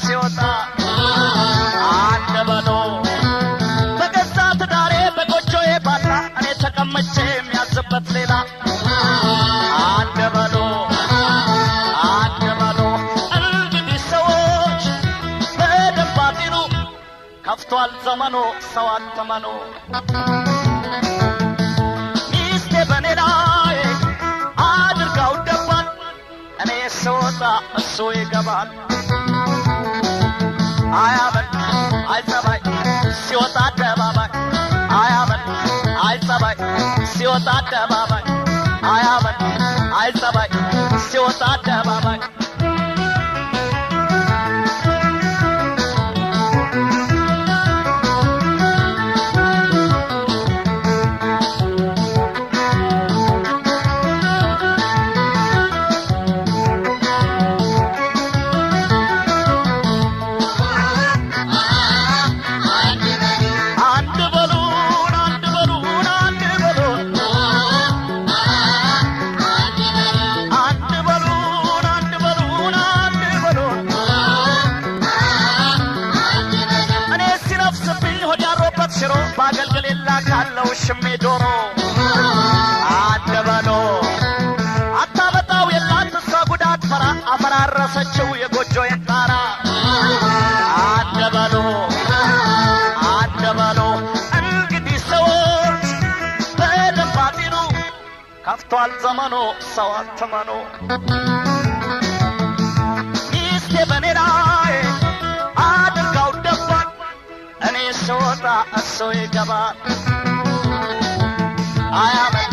ከቤት ሲወጣ አንድ በሎ በገዛ ትዳሬ በቆጮዬ ባላ እኔ ተቀመቼ የሚያዝበት ሌላ አንድ በሎ አንድ በሎ እንግዲህ ሰዎች በደንብ አጢኑ ከፍቷል ዘመኖ ሰው አተመኑ ሚስቴ አድርጋው ደባል እኔ ስወጣ እሱ ይገባል አያበል አይጸባይ ሲወጣ አደባባይ አያበል አይጸባይ ሲወጣ አደባባይ አያበል አይጸባይ ሲወጣ አደባባይ ሽሜ ዶሮ አደበሎ አታበጣው የላት እሷ ጉዳት ፈራ አፈራረሰችው የጎጆዬን ጣራ አደበሎ አደበሎ እንግዲህ ሰዎች በደንብ ከፍቷል ዘመኖ ሰው አትመኑ ሚስቴ በኔ ላይ አድርጋው ደባል እኔ ስወጣ እሱ ይገባል I am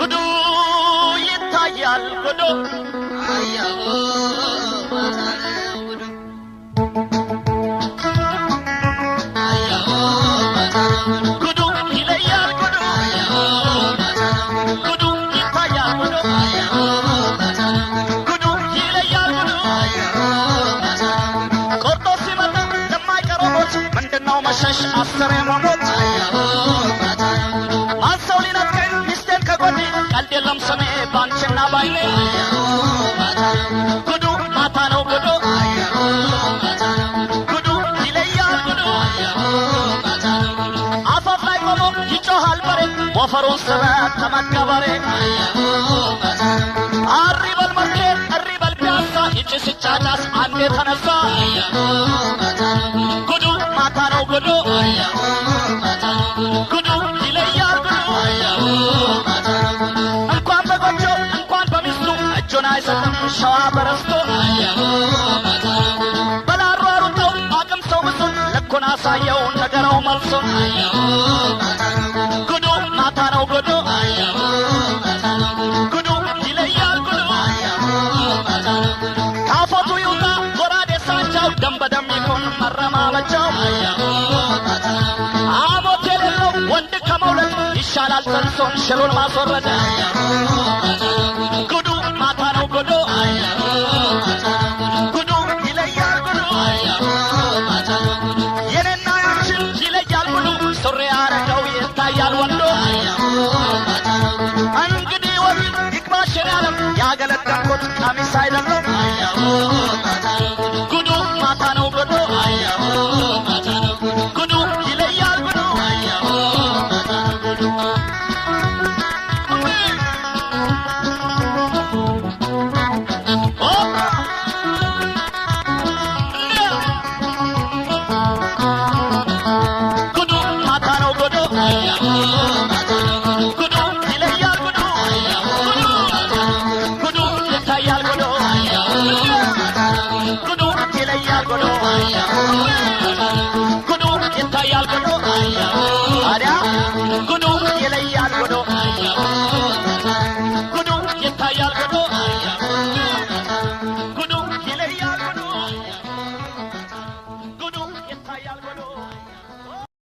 ጉዱ ይታያል ጉዱ አያው Seremos lamsane banchena baile kudu matano kudu kudu dileya kudu afaf lai komo hicho hal pare wafaron sala tamakabare arribal market arribal piazza hicho sichanas ande thanasa kudu matano kudu ልቦና አይሰጥንም ሸዋ በረስቶ በላሩ አሩጠው አቅም ሰው ብሱን ልኩን አሳየው ነገረው መልሱን ጉዱ ማታ ነው ጉዱ ጉዱ ይለያል ጉዱ ካፎቱ ይውጣ ጎራዴ ሳቸው ደም በደም ይሁን መረማመቻው አሞት የሌለው ወንድ ከመውለድ ይሻላል ጸንሶን ሽሉን ማስወረደ ጉዱ ጉዱ ይለያል ጉዱ የኔና ይለያል ሱሪ አረገው ይታያል ወንዶ እንግዲህ ወዲህ ይግባሽን ያለም ያገለገልኩት አይደለም ጉዱ ማታ ነው ጉዱ ይለያል